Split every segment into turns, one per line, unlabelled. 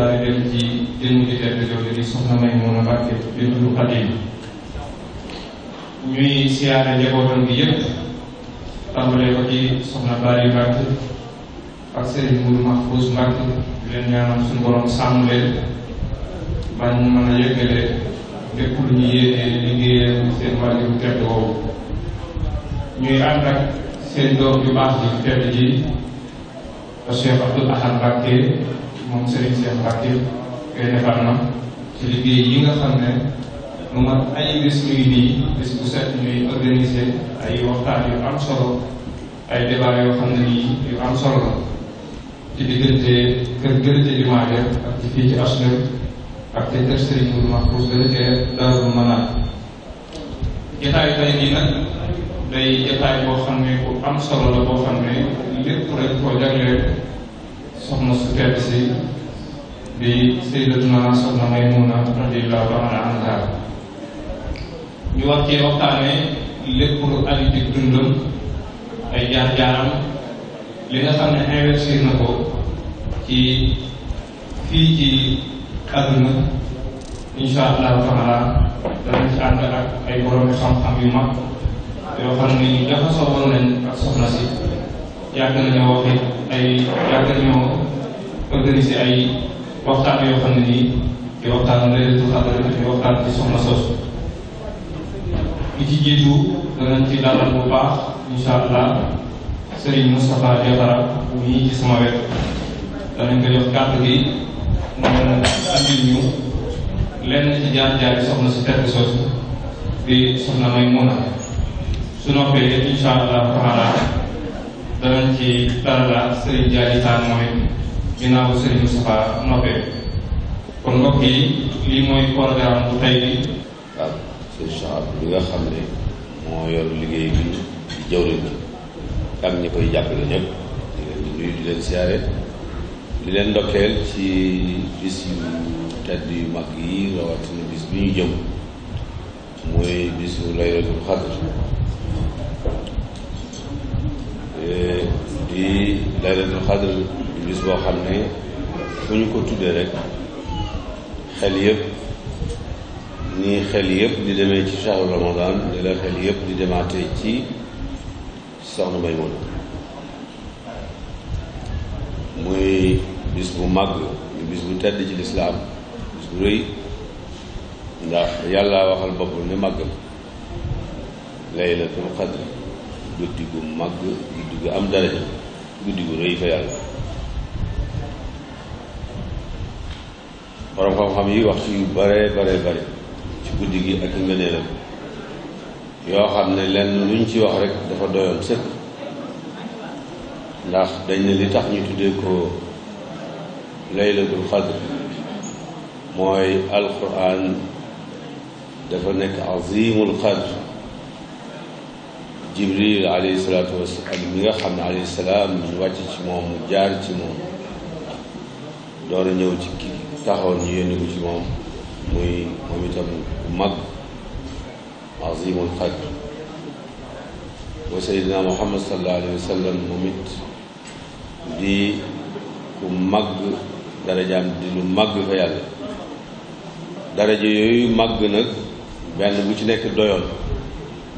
daal di dem ci jëmm ji tedd jooju di soxna may mun a bàkke di dund xadim ñuy siyaare njabootam gi yépp Bari Mbàkke ak Serigne Mour Mahfouz Mbàkke di leen ñaanal suñu borom sàmm leen bañ mën a yëggale lépp lu ñu yéene liggéeyal seen wàllu tedd woowu ñuy ànd ak seen doom yu Ahad Mbàkke moom Serigne Cheikh Mbacke génne xam na ci liggéey yi nga xam ne mu mat ay bés ñuy nii bés bu set ñuy organiser ay waxtaan yu am solo ay ne nii yu am solo la ci diggante kër gële ca jumaa ja ak ci fii ci asner ak ci kër Serigne Mourou Mahfouz gële ca Daaru Manaan jataayu tey nii nag day jataay boo xam ne bu am solo la boo xam ne lépp rek soxna su tedd si di sayyidatuna soxna Maymuna radiyallahu ta'ala anha ñu war cee waxtaanee lépp lu aju ci dundam ay jaar-jaaram li nga xam ne investir na ko ci fii ci àdduna insha allahu taala danañ ci ànd ak ay borom xam-xam yu mag yoo xam ne ñu jaxasoo woon nañ si yàgg nañoo wax it ay yàgg nañoo organiser ay waxtaan yoo xam ne nii di waxtaan laylatul xadar di waxtaan ci soxna sos bi ci jiitu danañ ci dalal bu baax insha allah Serigne Moustapha Diatara ñii ci sama wet danañ ko jox kàddu gi mu mën a andil ñu lenn ci jaar-jaar yi soxna si tedd sos di soxna may mun a su noppee insha allah taala danañ ci tàllal Serigne Diadji Tall mooy ginnaaw Serigne Moustapha noppee kon mbokk yi lii mooy programme bu tey bi
ak Serigne Cheikh bi nga xam ne moo yor liggéey bi di jawriñ ji di leen di di leen ndokkeel ci bis yu tedd yu mag yi rawatina bis bi ñu jëm mooy bisu laylatul xadr di laylatul xadr bis boo xam ne fu ñu ko tuddee rek xel yëpp nii xel yëpp di demee ci shahru ramadan ni la xel yëpp di demaatee ci soxna Maymuna muy bis bu màgg ñu bis bu tedd ci lislaam bis bu rëy ndax yàlla waxal boppam ne màgg laylatul xadr guddi gu mag guddi gu am daraja guddi gu rëy fa yàlla borom xam-xam yi wax ci yu bare bare bare ci guddi gi ak i ngëneelam yoo xam ne lenn luñ ci wax rek dafa doyoon sëkk ndax dañ ne li tax ñu tuddee ko laylatul xadr mooy alquran dafa nekk azimul xadr jibril mi nga xam ne alayhi salaam ñu wàcc ci moom mu jaar ci moom door ñëw ci ki taxaw ñu yónni ko ci moom muy moom itam mag azimul qadr wa sayyidina muhammad sallallahu alayhi wa moom it di ku mag darajaam di lu mag fa yàlla daraja yooyu mag nag benn bu ci nekk doyoon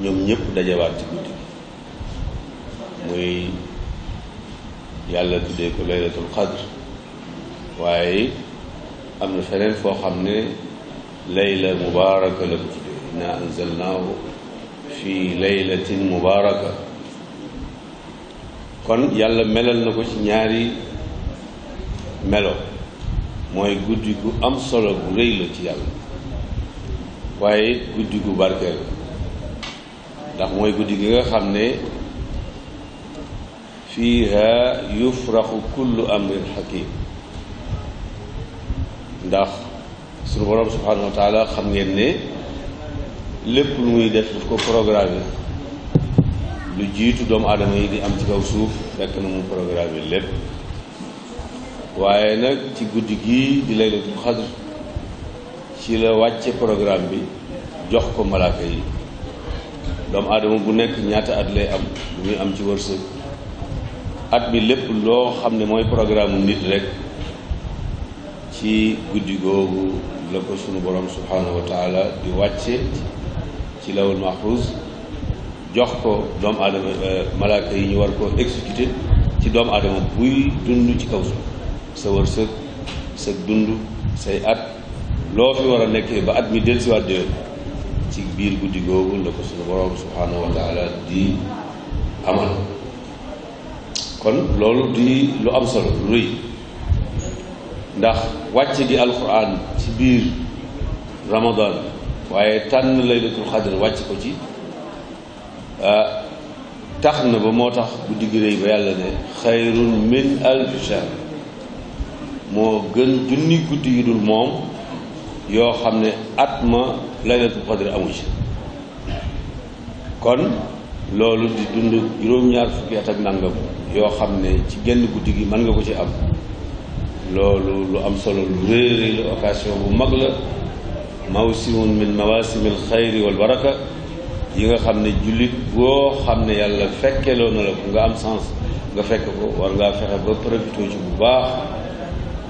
ñoom ñëpp dajewaat ci muy yàlla tuddee ko laylatul qadr waaye am na feneen foo xam ne layla mubaaraka la ko tuddee inna anzalnaahu fi laylatin mubaaraka kon yàlla melal na ko ci ñaari melo mooy guddi gu am solo bu rëy la ci yàlla waaye guddi gu barkeel la ndax mooy guddi gi nga xam ne fiiha yufraxu kullu amrin xakim ndax suñu borom subhanahu xam ngeen ne lépp lu muy def daf ko programme lu jiitu doomu adama yi di am ci kaw suuf fekk na mu programme lépp waaye nag ci guddi gi di laylatul xadr ci la wàcce programme bi jox ko malaaka yi doomu aadama bu nekk ñaata at lay am lu muy am ci wërsëg at mi lépp loo xam ne mooy programme nit rek ci guddi googu la ko sunu borom subhaanahu wa di wàcce ci lawul mahfuz jox ko doomu aadama euh, malaaka yi ñu war koo exécuté ci doomu aadama buy dund ci kaw suuf sa wërsëg sa dund say at loo fi war a nekkee ba at mi de déwén ci biir guddi googu la ko sunu borom subhaanahu di amal kon loolu di lu am solo lu rëy ndax wàcc di gi alquran ci biir ramadan waaye tànn laylatul xadr wàcc ko ci ah, tax na ba moo tax bu digg rëy ba yàlla ne xayrun min alfi shahr moo gën junni guddi yu dul moom yoo xam ne at ma laylatul xadr amu ci kon loolu di dund juróom-ñaar fukki at ak nangam yoo xam ne ci genn guddi gi mën nga ko ci am loolu lu am solo lu réeréy la occasion bu mag la mawsimun min mawasimil xayri wal baraka yi nga xam ne jullit boo xam ne yàlla fekkeloo na la ko nga am sens nga fekk ko war ngaa fexe ba profité ci bu baax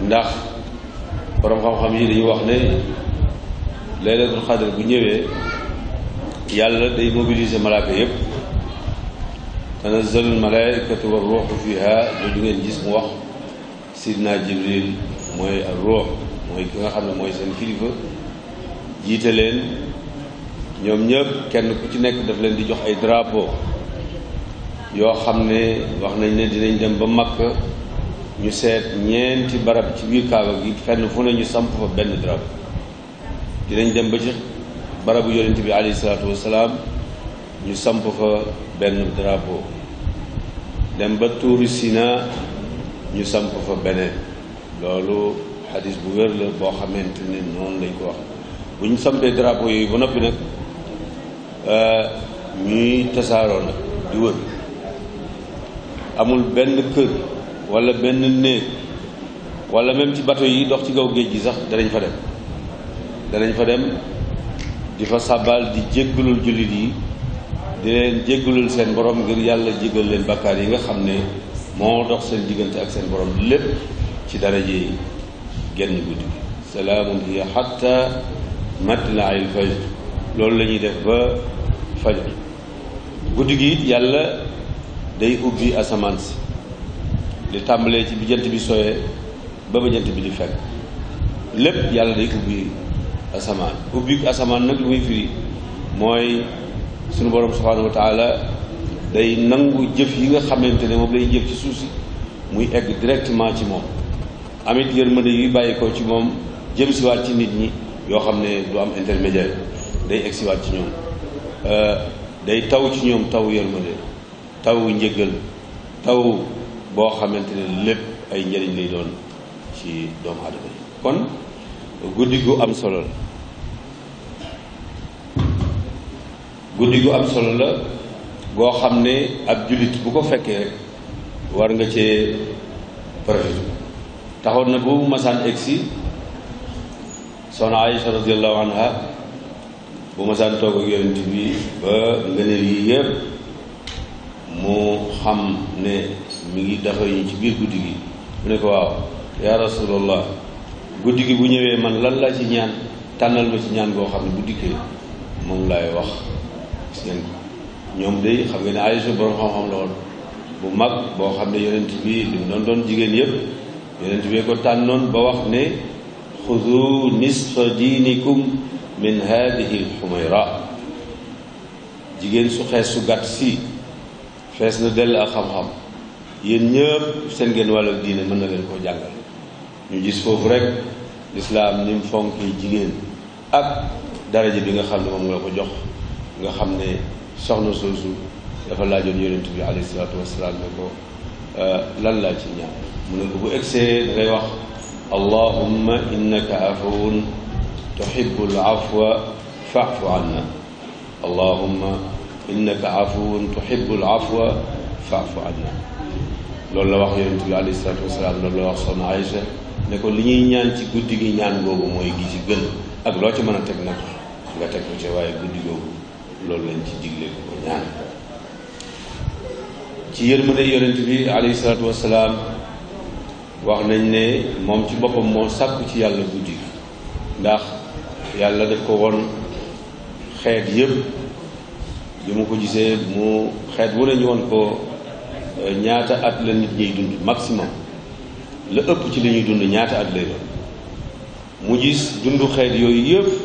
ndax borom xam-xam yi dañuy wax ne laylatul xadr bu ñëwee yàlla day mobiliser malaaka yépp تنزل الملائكة والروح فيها du ngeen gis mu wax sidna jibril mooy al ruux mooy ki nga xam ne mooy seen kilifa jiite leen ñoom ñëpp kenn ku ci nekk daf leen di jox ay drapeau yoo xam ne wax nañ ne dinañ dem ba màkk ñu seet ñeenti barab ci biir kaaba gi fenn fu ne ñu samp fa benn drapeau dinañ dem ba ci barabu yonent bi alayhi salaatu wasalaam ñu samp fa benn drapeau dem ba tuuri Sina ñu samp fa beneen loolu xadis bu wér la boo xamante ne noonu lañ ko wax bu ñu sampee drapeau yooyu ba noppi nag euh, ñuy tasaaroo nag di wër amul benn kër wala benn néeg wala même ci bato yi dox ci kaw géej gi sax danañ fa dem danañ fa dem di fa sàbbaal di jéggalul jullit yi di leen jéggalul seen borom ngir yàlla jégal leen bakkaar yi nga xam ne moo dox seen diggante ak seen borom lépp ci dara ji génn guddi gi salaamun hiya xatta loolu la def ba fajar guddi gi it yàlla day ubbi asamaan si tàmbalee ci bi jant bi sooyee ba ba bi di fekk lépp yàlla day ubbi asamaan ubbi asamaan nag lu muy firi mooy suñu borom subhaanahu wa day nangu jëf yi nga xamante ne moom lay jëf ci suuf muy egg directement ci moom amit yërmande yuy bàyyi ko ci moom jëm siwaat ci nit ñi yoo xam ne du am intermédiaire day egg siwaat ci ñoom euh, day taw ci ñoom taw yërmande taw njëgal taw boo xamante ne lépp ay njëriñ lay doon ci doomu aadama yi kon guddi gu am solo la guddi gu am solo la goo xam ne ab julit bu ko fekkee war nga cee profité taxoon na bu masaan egsi soxna aïcha radiallahu anha bu masaan toog ak yonent bi ba ngëneel yi yëpp mu xam ne mi ngi dafa ñu ci biir guddi gi mu ne ko waaw ya rasulallah guddi gi bu ñëwee man lan laa ci ñaan tànnal ma ci ñaan goo xam ne bu dikkee moom laay wax ñoom de xam ngeen ne Aysa borom xam-xam la woon bu mag boo xam ne yonent bi li mu doon doon jigéen yëpp yonent bi ko tànnoon ba wax ne xudu nisfa diinikum min hadihi xumayra jigéen su xees su gàtt si fees na dell ak xam-xam yéen ñëpp seen ngeen wàllu diine mën na leen koo jàngal ñu gis foofu rek lislaam ni mu fonkee jigéen ak daraja bi nga xam ne moom nga ko jox nga xamne soxna soosu dafa laajoon yonent bi alayhi salatu wassalam ne ko lan la ci ñaan mu ne ko bu egsee da ngay wax allahumma innaka afuwun tuhibbu al'afwa fa'fu anna allahumma innaka afuwun tuhibbu al'afwa fa'fu anna loolu la wax yonent bi alayhi salatu wassalam loolu la wax soxna aisha ne ko li ñuy ñaan ci guddi gi ñaan googu mooy gi ci gën ak loo ci mën a teg nag nga teg ko ci waaye guddi googu loolu lañ ci digle ko ko ñaan ci yërmande yonent bi alayhi salaatu wasalaam wax nañ ne moom ci boppam moo sàkku ci yàlla guddi ndax yàlla def ko won xeet yëpp bi mu ko gisee mu xeet wu nañu woon ko euh, ñaata at la nit ñiy dund maximum la ëpp ci li dund ñaata at lay doon mu gis dundu xeet yooyu yëpp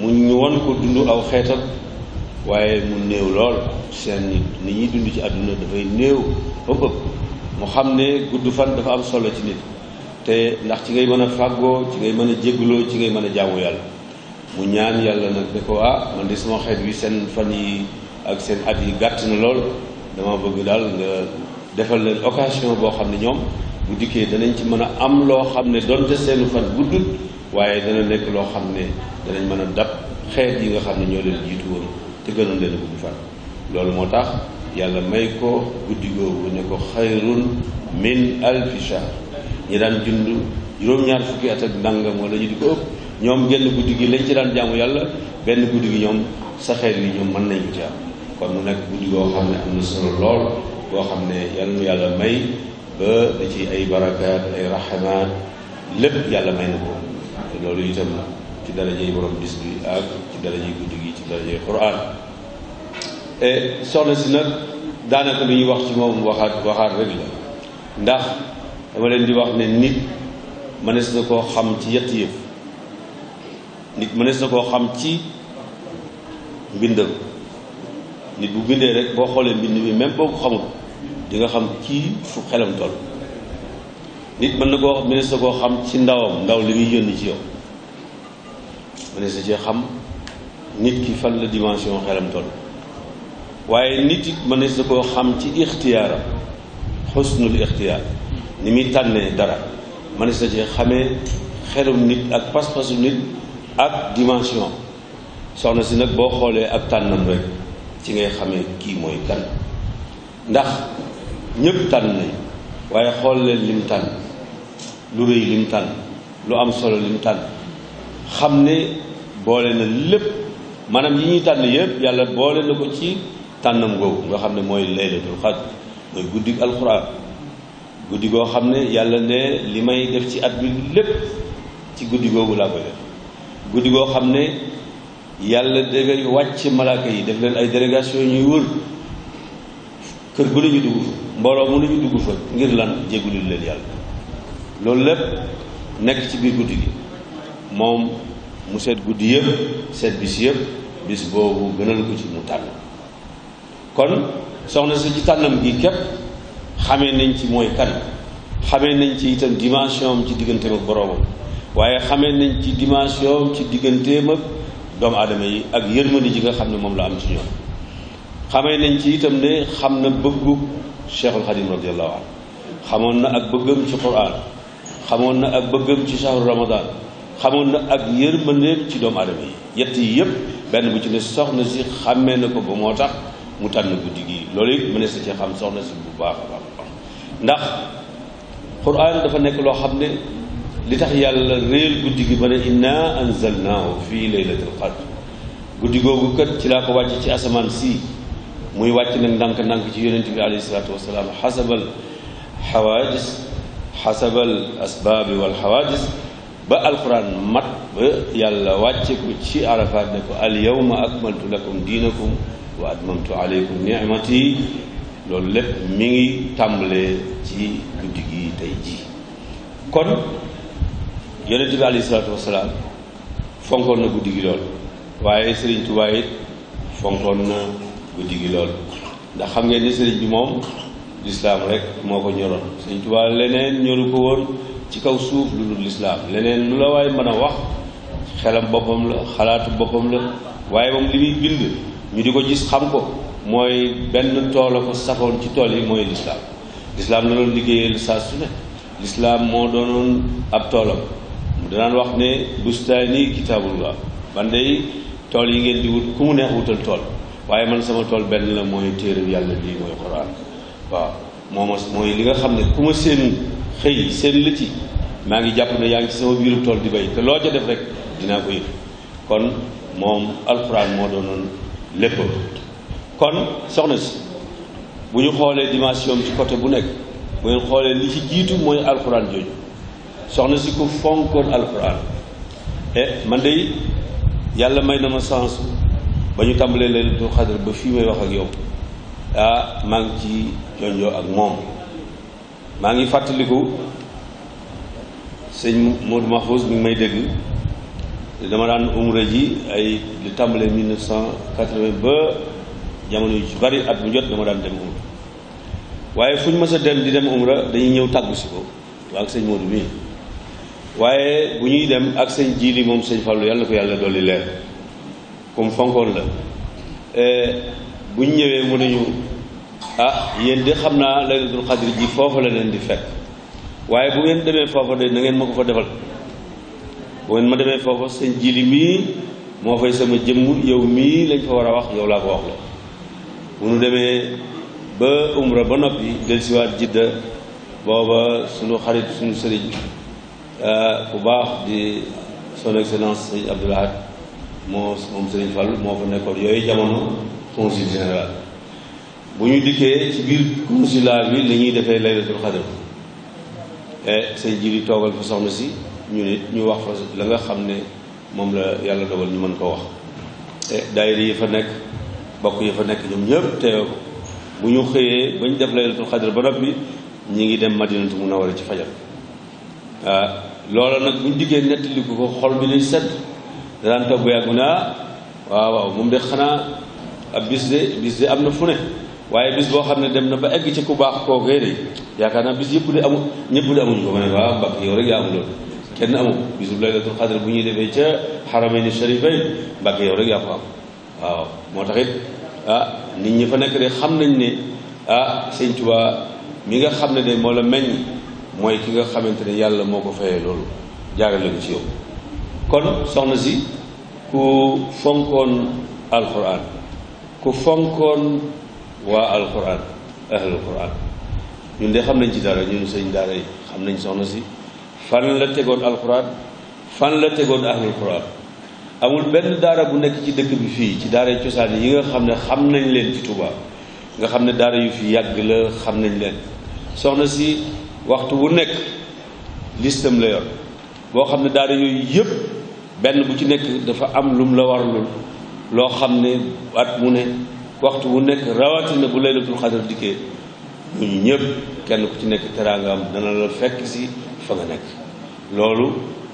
mu ñu won ko dund aw xeetam waaye mu néew lool seen nit ni ñuy dund ci àdduna dafay néew ëpp mu xam ne gudd fan dafa am solo ci nit te ndax ci ngay mën a fàggoo ci ngay mën a jégguloo ci ngay mën a jaamu yàlla mu ñaan yàlla nag ne ko ah man de sama xeet wi seen fan yi ak seen at yi gàtt na lool dama bëgg daal nga defal leen occasion boo xam ne ñoom bu dikkee danañ ci mën a am loo xam ne donte seenu fan guddut waaye dana nekk loo xam ne danañ mën a dab xeet yi nga xam ne ñoo leen jiitu woon te gënoon leen gudd fan loolu moo tax yàlla may ko guddi googu ne ko xayrun min alfi ñi daan dund juróom-ñaar fukki at ak ndàngam wala ñu di ko ëpp ñoom genn guddi gi lañ ci daan jaamu yàlla benn guddi gi ñoom sa xeet yi ñoom mën nañu ci am kon mu nekk guddi goo xam ne am na solo lool koo xam ne yal yàlla may ba da ci ay barakaat ay raxamaat lépp yàlla may na ko loolu itam ci darajey borom bis bi ak ci darajey guddi gi ci darajey quraan e soxna si nag daanaka lu ñuy wax ci moom waxaat waxaat rek la ndax dama leen di wax ne nit mënees na koo xam ci yett yëf nit mënees na koo xam ci mbindam nit bu bindee rek boo xoolee mbind mi même boo ko di nga xam kii fu xelam toll nit mën na koo mënees na koo xam ci ndawam ndaw li muy yónni ci yow mënees na cee xam nit ki fan la dimension xelam toll waaye nit it mënees na koo xam ci ixtiyaaram xusnul ixtiyaar ni muy tànnee dara mëne na cee xamee xelum nit ak pas-pasu nit ak dimension soxna si nag boo xoolee ak tànnam rek ci ngay xamee kii mooy kan ndax ñëpp tànn nañ waaye xool leen lim tànn lu rëy lim tànn lu am solo lim tànn xam ne boole na lépp maanaam yi ñuy tànn yépp yàlla boole na ko ci tànnam googu nga xam ne mooy laylatul xadr mooy guddi alxuraan guddi goo xam ne yàlla ne li may def ci at lépp ci guddi googu laa koy def guddi goo xam ne yàlla dafay wàcc malaaka yi def leen ay délégation ñuy wër kër gu nañu dugg fa mbooloo mu nañu dugg fa ngir lan jéggulil leen yàlla loolu lépp nekk ci biir guddi gi moom mu seet guddi yëpp seet bis yëpp bis boobu gënal ko ci mu tànn kon soxna si ci tànnam gi képp xamee nañ ci mooy kan xamee nañ ci itam dimension ci digganteem ak boroomam waaye xame nañ ci dimension ci digganteem ak doomu aadama yi ak yërmande ji nga xam ne moom laa am ci ñoom xamee nañ ci itam ne xam na bëggu Cheikhul Xadim radiyallahu anhu xamoon na ak bëggam ci Qur'an xamoon na ak bëggam ci shahru Ramadan xamoon na ak yërmande ci doomu aadama yi yett yi yëpp benn bu ci ne soxna si xàmmee na ko ba moo tax mu tànn guddi gi loolu it mënees na cee xam soxna si bu baax a baax ndax quraan dafa nekk loo xam ne li tax yàlla réel guddi gi ba ne inna anzalnaahu fii laylatil qadr guddi googu kat ci laa ko wàcc ci asamaan si muy wàcc nag ndànk-ndànk ci yonent bi alayhi salaatu wasalaam xasabal xawaadis xasabal asbaabi wal xawaadis ba alquran mat ba yàlla wàcce ko ci arafaat ne ko al yawma akmaltu diinakum wa atmamtu aleykum ni'mati loolu lépp mi ngi tàmbalee ci guddi gi tey ji kon yonent bi na guddi gi fonkoon na xam ngeen ni sëriñ bi moom lislaam rek moo ko ñoroon sëriñ Tuubaa leneen ñoru ko woon ci kaw suuf lu dul lislaam leneen lu la waay mën a wax xelam boppam la xalaatu boppam la waaye moom li muy bind ñu di ko gis xam ko mooy benn tool a safoon ci tool yi mooy lislaam lislaam la doon liggéeyal saa su lislaam moo doonoon ab toolam danaan wax ne bustaani kitaabullah man day tool yi ngeen di wut ku mu neex wutal tool waaye man sama tool benn la mooy téere yàlla bii mooy xoraan waaw moom mooy li nga xam ne ku ma seen xëy seen lët yi maa ngi jàpp ne yaa ngi ci sama biiru tool di bay te loo ca def rek dinaa ko yëg kon moom alxuraan moo doonoon lépp kon soxna si bu ñu xoolee dimension ci côté bu nekk bu ngeen xoolee li ci jiitu mooy alxuraan jooju soxna si ku fonkoon alxuraan eh man de yàlla may na ma sens ba ñu tàmbalee leen du xadar ba fii may wax ak yow ah maa ngi ci jonjoo ak moom maa ngi fàttaliku sëñ Modou Mahfouz mi ngi may dégg dama daan umra ji ay li tàmbalee 1980 ba jamono yu bari at mu jot dama daan dem umra waaye fu ñu mës dem di dem umra dañuy ñëw tàggu si ko ak sëñ Modou mii waaye bu ñuy dem ak sëñ jiili moom sëñ Fallou yàlla na ko yàlla dolli leer comme fonkoon la eh, bu ñu ñëwee mu nañu ah yéen de xam laylatul xadri ji foofu la leen di fekk waaye bu ngeen demee foofa de ngeen ma fa defal bu ngeen ma demee foofa seen jili mii moo fay sama jëmm yow mii lañ fa war wax yow laa ko wax la bu nu demee ba umra ba noppi dellusiwaat jidda booba sunu xarit sunu sëriñ bu baax di son excellence sëriñ Abdoul Ahad moo moom sëriñ Fall fa nekkoon yooyu jamono consul général bu ñu dikkee ci biir consulat bi li ñuy defee laylatul xadr e eh, sëñ ji di toogal fa soxna si ñu nit ñu wax fa la nga xam ne moom la yàlla dogal ñu mën koo wax e daayira yi fa nekk bokk yi fa nekk ñoom ñëpp teew bu ñu xëyee ba ñu def laylatul xadr ba noppi ñu ngi dem madinatu munawara ci fajar waa ah, loola nag bu ñu dikkee nettaliku ko xol bi day sedd daan toog bu yàgg mu ne ah waaw waaw moom de xanaa ab bisde de bis de am na fu ne waaye bis boo xam ne dem na ba egg ci ku baax kookee de yaakaar naa bis yëpp di amul ñëpp de amuñu ko ma ne waaw ah, mbak yow rek yaa kenn amul bisu laylatul bu ñuy defee ca xaramayni sharifayn mbak yow rek yaa ko am waaw moo taxit it ah, nit ñi fa nekk de xam nañ ni ah sëñ mi nga xam ne de moo la meññ mooy ki nga xamante ne yàlla moo ko fayee loolu jaarale ko ci yow kon soxna si ku fonkoon alxuraan ku fonkoon waa alquran ahlul quran ñun de xam nañ ci dara ñun sëñ daara yi xam nañ soxna si fan la tegoon alquran fan la tegoon ahlul quran amul benn daara bu nekk ci dëkk bi fii ci daara cosaan yi nga xam ne xam nañ leen ci Tuuba nga xam ne daara yu fi yàgg la xam nañ leen soxna si waxtu wu nekk listam la yor boo xam ne daara yooyu yépp benn bu ci nekk dafa am lum la warlul loo xam ne at mu ne waxtu bu nekk rawatina bu laylatul xadar dikkee ñu ñëpp kenn ku ci nekk teraangaam dana la fekk si fa nga nekk loolu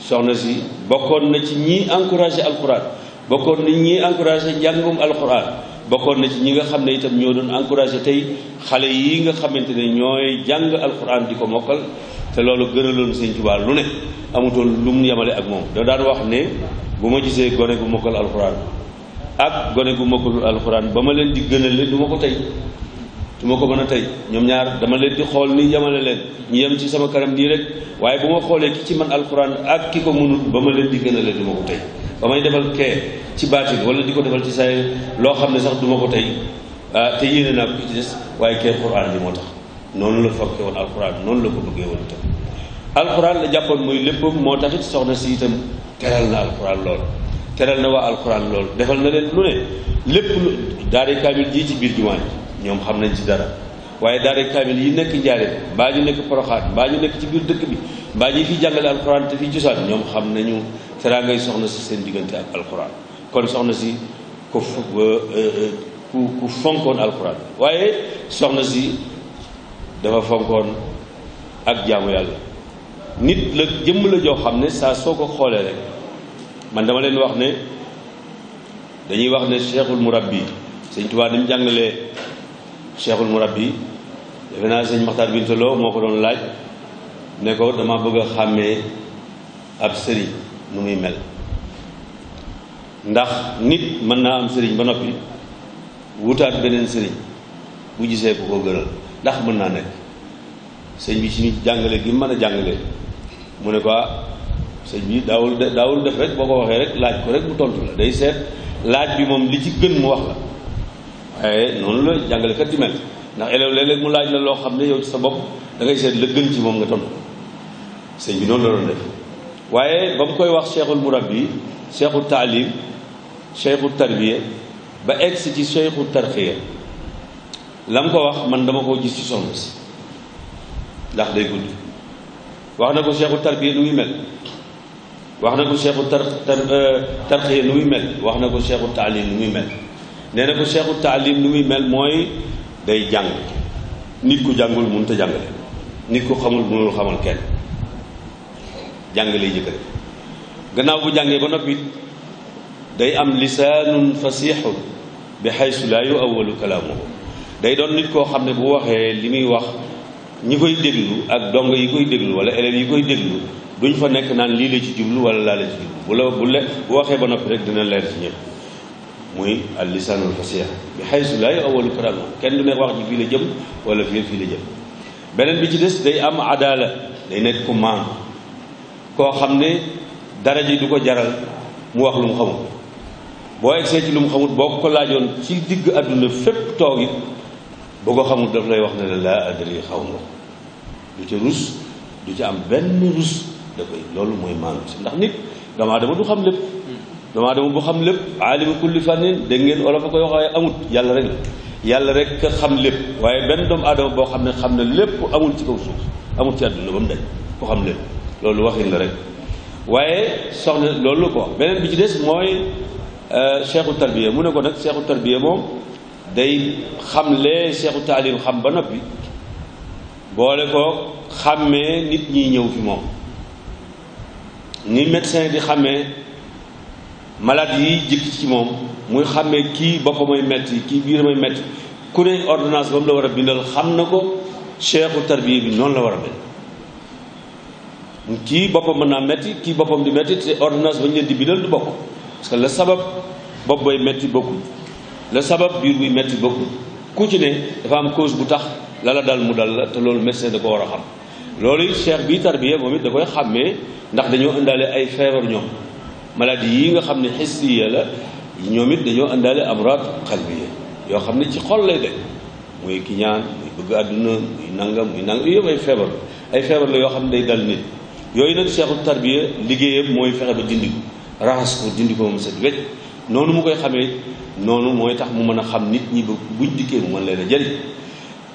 soxna si bokkoon na ci ñii encouragé alquran bokkoon na ñii encouragé njàngum alquran bokkoon na ci ñi nga xam ne itam ñoo doon encouragé tey xale yi nga xamante ne ñooy jàng alquran di ko mokkal te loolu gëraloon Sëñ Tuubaa lu ne amutoon lu mu yemale ak moom da daan wax ne bu ma gisee gone bu mokkal alquran ak gone gu mokkalul alxuraan ba ma leen di gënale du ma ko tey du ma ko mën a tey ñoom ñaar dama leen di xool ni yemale leen ñu yem ci sama kanam nii rek waaye bu ma xoolee ki ci man alxuraan ak ki ko mënul ba ma leen di gënale du ma ko tey ba may defal kee ci baatin wala di ko defal ci say loo xam ne sax duma ko tey ah, te yéene naa ko ci waaye kee xuraan bi moo tax noonu la fokkee woon alxuraan noonu la ko bëggee woon itam alxuraan la jàppoon muy moo taxit soxna si itam teral teral na waa alxuraan loolu defal na leen lu ne lépp lu daaray kaamil jii ci biir jumaa ji ñoom xam nañ ci dara waaye daaray kaamil yi nekk njaareem mbaa ñu nekk poroxaat mbaa ñu nekk ci biir dëkk bi mbaa ñi fi jàngale alxuraan te fi cosaan ñoom xam nañu teraa ngay soxna si seen diggante ak alxuraan kon soxna si ku ku ku fonkoon alxuraan waaye soxna si dafa fonkoon ak jaamu yàlla nit la jëmm la joo xam ne saa soo ko xoolee rek man dama leen wax ne dañuy wax ne cheikhul murabbi sëñ Tuubaa dañu jàngale cheikhul murabbi defe naa sëñ Maxtaar Binta Lo moo ko doon laaj ne ko dama bëgg xàmmee ab sëriñ nu muy mel ndax nit mën naa am sëriñ ba noppi wutaat beneen sëriñ bu gisee ku ko gënal ndax mën naa nekk sëñ bi ci nit jàngale gi mën a jàngale mu ne ko ah, sëñ bi daawul de daawul def rek boo ko waxee rek laaj ko rek mu tontu la day seet laaj bi moom li ci gën mu wax la waaye noonu la jàngalekat di mel ndax élève léeg-léeg mu laaj la loo xam ne yow ci sa bopp da seet la gën ci moom nga tontu sëñ bi noonu la doon def waaye ba mu koy wax cheikhul murabbi cheikhul taalim cheikhul tarbiya ba egsi ci cheikhul tarxiya la mu ko wax man dama koo gis ci soxna si ndax day gudd wax na ko cheikhul tarbiya nu muy وحنا كو شيخو آه، ترخي نوي مال وحنا كو شيخو التعليم نوي مال نينا كو شيخو التعليم نوي مال موي داي جانغ نيت كو جانغول مونتا جانغال نيت كو خامول مونول خامول كين جانغالي جيكر غناو بو جانغي با نوبي داي ام لسان فصيح بحيث لا يؤول كلامه داي دون نيت كو خامني بو واخه ليمي واخ ني فاي دغلو اك دونغ يي كوي ولا الين يي كوي buñ fa nek nan li la ci djiblu wala la la ci djiblu bu la bu le bu waxee ba nopi rek dina leer ci ñëpp muy al lisan al fasih bi haythu la awalu karama kenn du nek wax ji fi la jëm wala fi fi la jëm benen bi ci dess day am adala day nek ku man ko xamne dara ji du ko jaral mu wax lu mu xamul boo egsee ci lu mu xamul bok ko laajoon ci digg aduna fépp toog it boo ko xamul daf lay wax ne la adri xawmu du ci rus du ci am benn rus loolu mooy maandu si ndax nit doomu aadama du xam lépp doomu aadama bu xam lépp aalimu kulli fannin dégg ngeen olof a koy wax waaye amut yàlla rek yàlla rek xam lépp waaye benn doomu aadama boo xam ne xam ne lépp amul si kaw suuf amul ci àdduna ba mu dañ ko xam lépp loolu waxin la rek waaye soxna loolu ko beneen bi ci des mooy euh, cheikhu tarbiya mu ne ko nag seexu tarbiya moom day xam xamle cheikhu taalim xam ba noppi boole ko xàmmee nit ñi ñëw fi moom ni médecin di xàmmee malade yi jikk ci moom muy xàmmee kii bopp mooy metti kii biir mooy metti ku ne ordonnance ba mu la war a bindal xam na ko cheikhu tarbiya bi noonu la war a mel kii boppam mën naa metti kii boppam di metti te ordonnance ba ñu leen di bindal du bokk parce la sabab bopp bay metti bokkul la sabab biir buy metti bokkul ku ci ne dafa am cause bu tax lala dal mu dal la te loolu médecin da ko war a xam lolu cheikh bi tarbiya moom da koy xamé ndax dañu andalé ay fièvre ñom maladie yi nga xamné hissiya la ñomit dañu andalé amrad qalbiya yo xamné ci xol lay de moy ki ñaan muy bëgg aduna muy nangam muy nang yëpp ay fièvre ay fièvre la yo xamné day dal nit yooyu nag cheikhu tarbiya liggéeyam moy fexe ba dindi ko ko dindi ko moom set wéj nonu mu koy xamé nonu moy tax mu mëna xam nit ñi buñ diké mu mën leen a jëriñ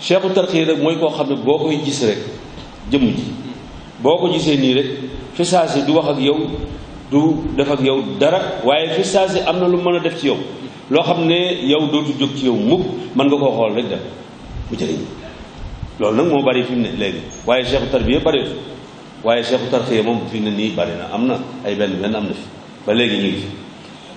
cheikhu tarqiya nag mooy koo xam ne gis rek jëmu ji boo ko gisee nii rek fi saasi du wax ak yow du def ak yow dara waaye fi saasi am na lu mën a def ci yow loo xam ne yow dootu jóg ci yow mukk mën nga koo xool rek def mu jëriñ loolu nag moo bari fi mu ne léegi waaye cheikhu tarbiya bari waaye cheikhu tarxiya moom fi ne nii bari na am na ay benn benn am na fi ba léegi ñu ngi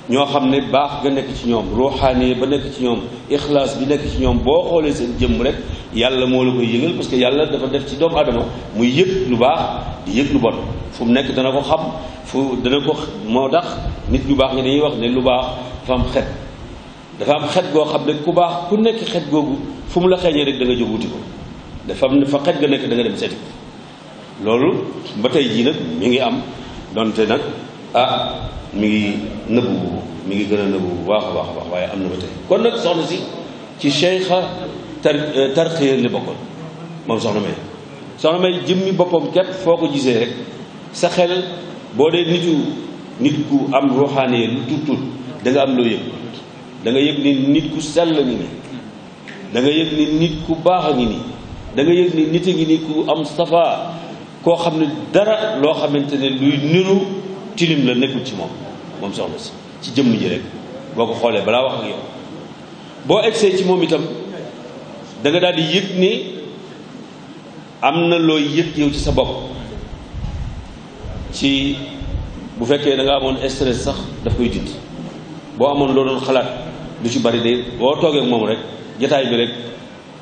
ño xamné bax ga nek ci ñom ruhani ba nek ci ñom ikhlas bi nek ci ñom bo xolé seen jëm rek yàlla mo la koy yëgal parce que yàlla dafa def ci doom adama mu yëg lu bax di yëg lu bon fu mu nek dana ko xam fu dana ko mo tax nit ñu bax ñi dañuy wax ne lu bax fa am xet dafa am xet go xamné ku bax ku nek xet gogu fu mu la xéñe rek da nga jëgouti ko dafa am fa xet ga nek da nga dem seeti lolu loolu ba tey jii nag mi ngi am donte nak ah mi ngi nëbbu mi ngi gën a nëbbu bu baax a baax a baax waaye am na ba tey kon nag soxna si ci cheikha tar tarxiya li bokkoon moom soxna may soxna may jëmmi boppam képp foo ko gisee rek sa xel boo dee nitu nit ku am ruuxaanee lu tuut tuut da nga am loo yëg da nga yëg ni nit ku sell ngi ni da nga yëg ni nit ku baax a ngi nii da nga yëg ni nit a ngi ni ku am safa koo xam ne dara loo xamante ne luy niru tilim la nekkul ci moom moom soxna si ci jëmm ji rek boo ko xoolee balaa wax ak yow boo egsee ci moom itam danga nga daal di yëg ni am na looy yëg yow ci sa bopp ci bu fekkee danga amoon stress sax daf koy dindi boo amoon loo doon xalaat lu ci bari de boo toogee moom rek jataay bi rek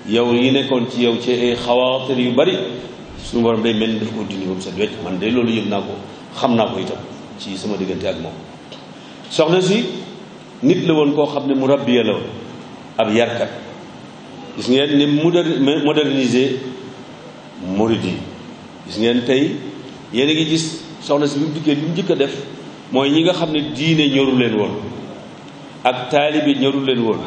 yow yi nekkoon ci yow ci ay xawaatir yu bari suñu borom day mel ni dafa ko dindi moom sa wecc man de loolu yëg naa ko xam naa ko itam ci sama diggante ak moom soxna si nit la woon koo xam ne mu rabbiya la woon ab yarkat gis ngeen ni moderniser murid yi gis ngeen tey yéen a ngi gis soxna si bi mu dikkee njëkk a def mooy ñi nga xam ne diine ñoru leen woon ak taalibe ñoru leen woon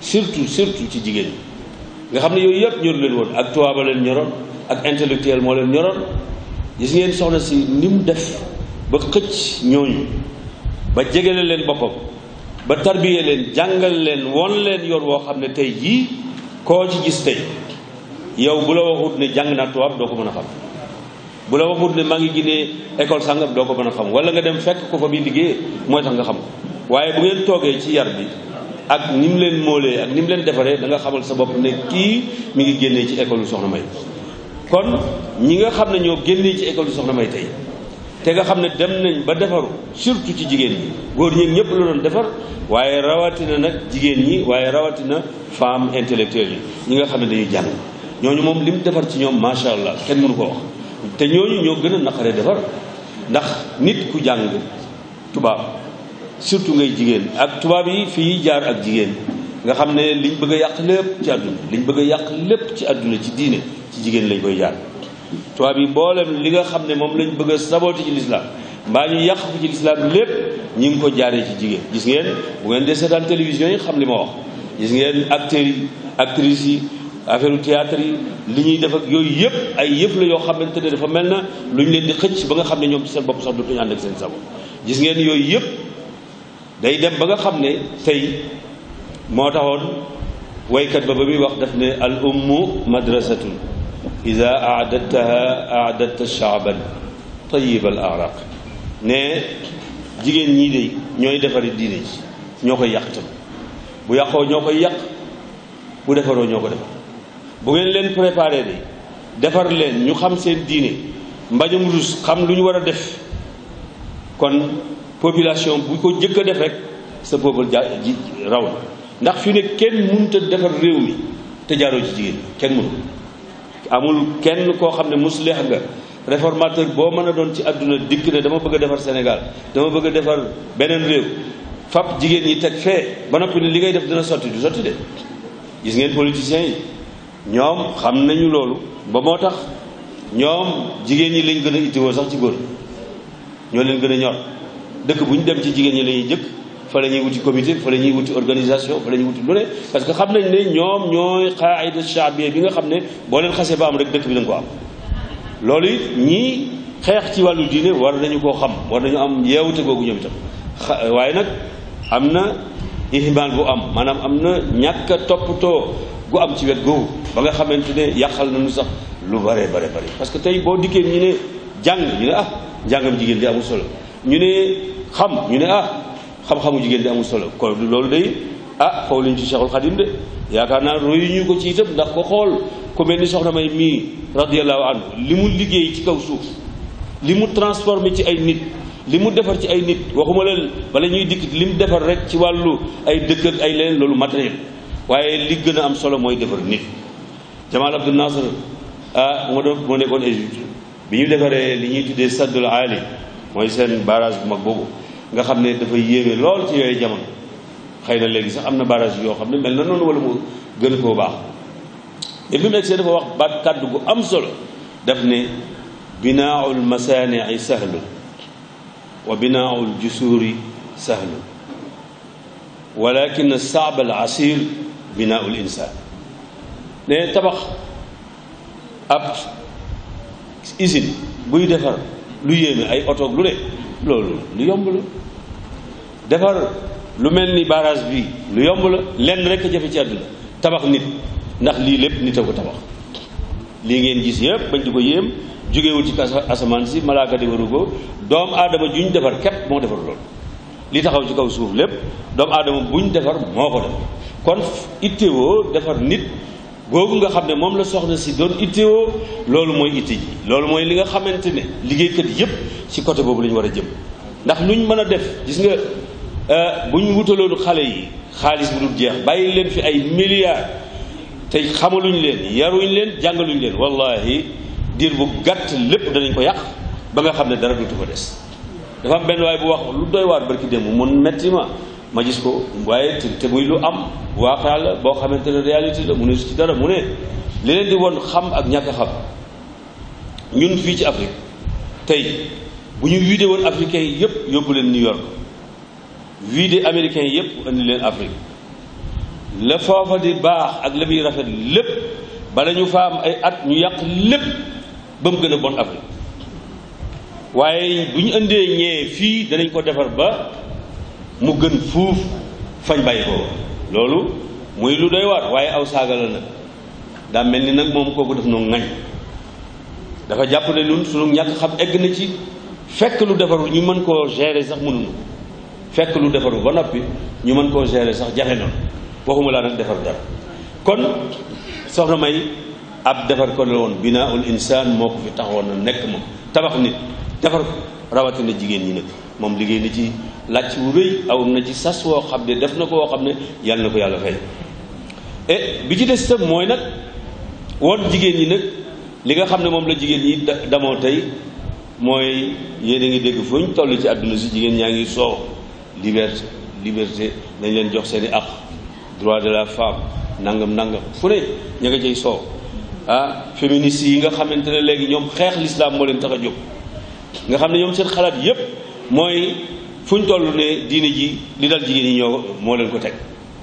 surtout surtout ci jigéen ñi nga xam ne yooyu yëpp ñoru leen woon ak tubaaba leen ñoroon ak intellectuel moo leen ñoroon gis ngeen soxna si ni mu def ba xëcc ñooñu ba jegele leen boppam ba tarbiye leen jàngal leen won leen yoon woo xam ne tey jii koo ci gis tey yow bu la waxut ne jàng naa tubaab doo ko mën a xam bu la waxut ne maa ngi ginee école sàngam doo ko mën xam wala nga dem fekk ko fa bi liggéey mooy tax nga xam ko waaye bu ngeen toogee ci yar bi ak ni mu leen moolee ak ni mu leen defaree da nga xamal sa bopp ne kii mi ngi génnee ci école soxna may kon ñi nga xam ne ñoo génnee ci école soxna may tey te nga xam ne dem nañ ba defaru surtout ci jigéen ñi góor ñi ñëpp la doon defar waaye rawatina nag jigéen ñi waaye rawatina femme intellectuelle yi ñi nga xam ne dañuy jàng ñooñu moom li mu defar ci ñoom macha allah kenn munu ko wax te ñooñu ñoo gën a naqaree defar ndax nit ku jàng tubaab surtout ngay jigéen ak tubaab yi fii jaar ak jigéen nga xam ne liñ bëgg a yàq lépp ci àdduna liñ bëgg a yàq lépp ci àdduna ci diine ci jigéen lañ koy jaar tubaab yi li nga xam ne moom lañ bëgg a sabooti ci lislaam mbaa ñu yàq ko ci lislaam lépp ñi ngi ko jaaree ci jigéen gis ngeen bu ngeen dee seetaan télévision yi xam li ma wax gis ngeen acteurs yi actrices yi affaire théâtre yi li ñuy def ak yooyu yëpp ay yëpp la yoo xamante ne dafa mel na lu ñu leen di xëcc ba nga xam ne ñoom ci seen bopp sax dootuñu ànd ak seen sabo gis ngeen yooyu yëpp day dem ba nga xam ne tey moo taxoon waykat ba ba muy wax daf ne al ummu madrasatun ida aadattaha aadatta shaaban tayiba al araq ne jigéen ñii de ñooy defari diine ji ñoo koy yàq tam bu yàqoo ñoo koy yàq bu defaroo ñoo ko defar bu ngeen leen préparé de defar leen ñu xam seen diine mbañum ruus xam lu ñu war a def kon population bu ko jëkk a def rek sa peuple ja ji raw na ndax fi ne kenn mënut a defar réew mi te jaaroo ci jigéen kenn mënu amul kenn koo xam ne muslih nga réformateur boo mën a doon ci àdduna dikk ne dama bëgg a defar Sénégal dama bëgg a defar beneen réew fab jigéen ñi teg fee ba noppi ne li ngay def dina sotti du sotti de gis ngeen politiciens yi ñoom xam nañu loolu ba moo tax ñoom jigéen ñi lañ gën a ittiwoo sax ci góor ñoo leen gën a ñor dëkk bu ñu dem ci jigéen ñi lañuy jëkk fa la ñuy wuti comité fa la wuti organisation fa la wuti lu ne parce que xam nañ ne ñoom ñooy xaayida shaabiyya bi nga xam ne boo leen xasee ba am rek dëkk bi dañ ko am loolu it ñii xeex ci wàllu diine war nañu koo xam war nañu am yeewute googu ñoom tam waaye nag am na ihmal bu am maanaam am na ñàkk a toppatoo gu am ci wet googu ba nga xamante ne yàqal nañu sax lu bare bare bare parce que tey boo dikkee ñu ne jàng ñu ne ah jàngam jigéen di amul solo xam-xamu jigéen di amul solo kon loolu de ah xaw luñ ci Cheikhul Xadim de yaakaar naa royu ñu ko ci itam ndax ko xool ku mel ni soxna may mii radiyallahu anhu li mu liggéey ci kaw suuf li mu transformé ci ay nit li mu defar ci ay nit waxuma leen bala ñuy dikk li mu defar rek ci wàllu ay dëkk ay leneen loolu matériel waaye li gën a am solo mooy defar nit Jamal Abdou Nasser ah moo doon moo nekkoon Égypte bi ñu defaree li ñuy tuddee saddul aali mooy seen barrage bu boobu nga xamne dafa yewé lool ci yoy jamono xeyna légui sax amna barrage yo xamne melna non wala mo gën ko bax et bi mu egsee dafa wax ba kàddu gu am solo daf ne bina'ul masani'i sahlu wa bina'ul jusuri sahlu walakin saab al asir binaaul insaan ne tabax ab usine buy defar lu yéeme ay auto lu ne loolu lu yomb la defar lu mel ni barrage bi lu yomb la lenn rek jafe ci àdduna tabax nit ndax lii lépp nit a ko tabax lii ngeen gis yëpp bañ di ko yéem jógewul ci asamaan si malaaka defaru ko doom aadama juñ defar képp moo defar loolu li taxaw ci kaw suuf lépp doomu aadama buñ defar moo ko def kon ittewoo defar nit gogu nga xamne mom la soxna ci doon itteewoo lolou moy itte ji lolou moy li nga xamantene ne liggéeykat yëpp ci côté bobu la wara jëm ndax lu mëna def gis nga bu ñu wutaloon xale yi xaalis bu dul jeex bayil leen fi ay milliards te xamaluñ leen yaruñ leen jàngaluñ leen wallahi dir bu gàtt lépp dañ ko yak ba nga xamne ne dara dutu ko dess dafa am ben way bu wax lu doy war barki dem mu metti ma ma gis ko waaye te te muy lu am waaxaa la boo xamante ne réalité la mu ne su ci dara mu ne li leen di woon xam ak ñàkk xam ñun fii ci Afrique tey bu ñu vidé woon africain yi yëpp yóbbu leen New York vidé américain yi yëpp andi leen Afrique la foofa di baax ak la muy rafet lépp bala ñu fa am ay at ñu yàq lépp ba mu gën a bon Afrique waaye bu ñu indee ñee fii danañ ko defar ba mu gën fuuf fañ bàyyi ko loolu muy lu doy waar waaye aw saaga la nag daa mel ni nag moom kooku def noonu ngañ dafa jàpp ne ñun sunu ñàkk xam egg na ci fekk lu defaru ñu mën koo geere sax mënuñu fekk lu defaru ba noppi ñu mën koo gérer sax jafe na waxuma laa nag defar dara kon soxna may ab defar ko la woon binaaul insaan moo ko fi taxawoon na nekk moom tabax nit defar ko rawatina jigéen ñi nag moom liggéey na ci laaj bu rëy aw na ci sas woo xam ne def na ko woo xam ne yàlla na ko yàlla fay bi ci des tam mooy nag woon jigéen ñi nag li nga xam ne moom la jigéen ñi damoo tey mooy yéen a ngi dégg fu toll ci àdduna si jigéen ñaa ngi soow liberté liberté dañ leen jox seen i àq droit de la femme nangam nangam fu ne ña nga cay soow ah féministes yi nga xamante ne léegi ñoom xeex lislaam moo leen tax a jóg nga xam ne ñoom seen xalaat yépp mooy fu ñu toll ne diine ji li dal jigéen ñi ñoo moo leen ko teg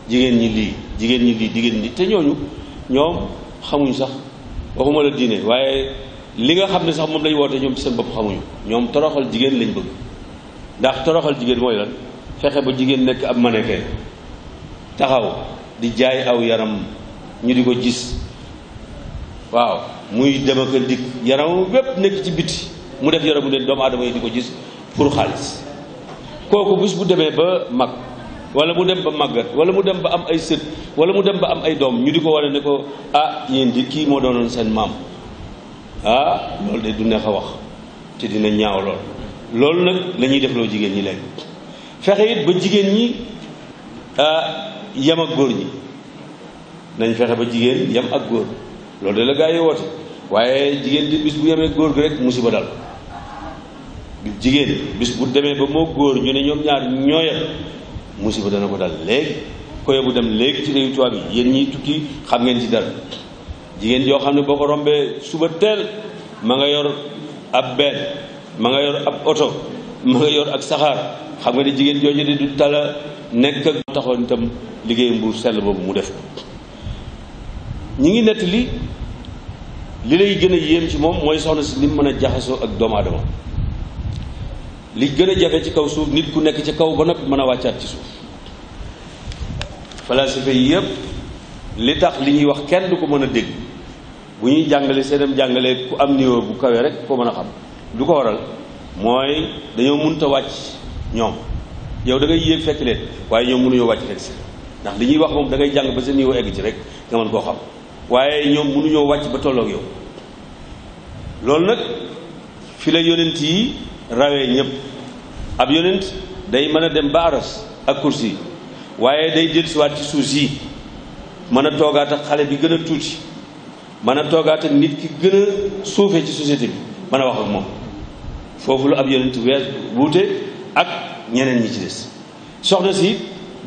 jigéen ñi lii jigéen ñi lii jigéen ñi te ñooñu ñoom xamuñ sax waxuma la diine waaye li nga xam ne sax moom lañ woote ñoom ci seen bopp xamuñu ñoom toroxal jigéen lañ bëgg ndax toroxal jigéen mooy lan fexe ba jigéen nekk am mannequin taxaw di jaay aw yaram ñu di ko gis waaw muy dem ak a yaram bépp nekk ci biti mu def yaramu ne doomu aadama yi di ko gis pour xaalis kooku bis bu demee ba mag wala mu dem ba màggat wala mu dem ba am ay sët wala mu dem ba am ay doom ñu di ko wane ne ko ah yéen di kii moo doonoon seen maam ah loolu de du neex a wax te dina ñaaw lool loolu nag lañuy def loo jigéen ñi léegi fexe it ba jigéen ñi ah, yem ak góor ñi nañ fexe ba jigéen yem ak góor loolu de la gaa yi woote waaye jigéen di bis bu yemee góor gi rek musiba dal jigéen bis bu demee ba moo góor ñu ne ñoom ñaar ñooyat musiba dana ko dal léegi koyo bu dem léegi ci réew tubaab yi yéen ñiy tukki xam ngeen ci dara jigéen yoo xam ne boo ko rombee suba teel ma nga yor ab benn ma nga yor ab oto ma nga yor ak saxaar xam nga ne jigéen jooju di du tala nekk ak taxoon itam liggéey mbuur sell boobu mu def ñi ngi nett li li lay gën a yéem ci moom mooy soxna si ni mën a jaxasoo ak doomu li gën a jafe ci kaw suuf nit ku nekk ci kaw ba noppi mën a wàccaat ci suuf falasifa yi yëpp li tax li ñuy wax kenn du ko mën a dégg bu ñuy jàngale seenam jàngalee ku am niveau bu kawe rek ko mën a xam lu ko waral mooy dañoo mënta wàcc ñoom yow da ngay yéeg fekk leen waaye ñoom mënuñoo wàcc fekk si ndax ñuy wax moom da ngay jàng ba sa niveau egg ci rek nga koo xam waaye ñoom mënuñoo wàcc ba tolloog yow loolu nag fi la yonent yi rawee ñëpp ab yonent day mën a dem ba aras ak kursi waaye day dellusiwaat ci suuf yi mën a toogaat ak xale bi gën a tuuti mën a toogaat ak nit ki gën a suufee ci société bi mën a wax ak moom foofu lu ab yonent wees wuute ak ñeneen ñi ci des soxna si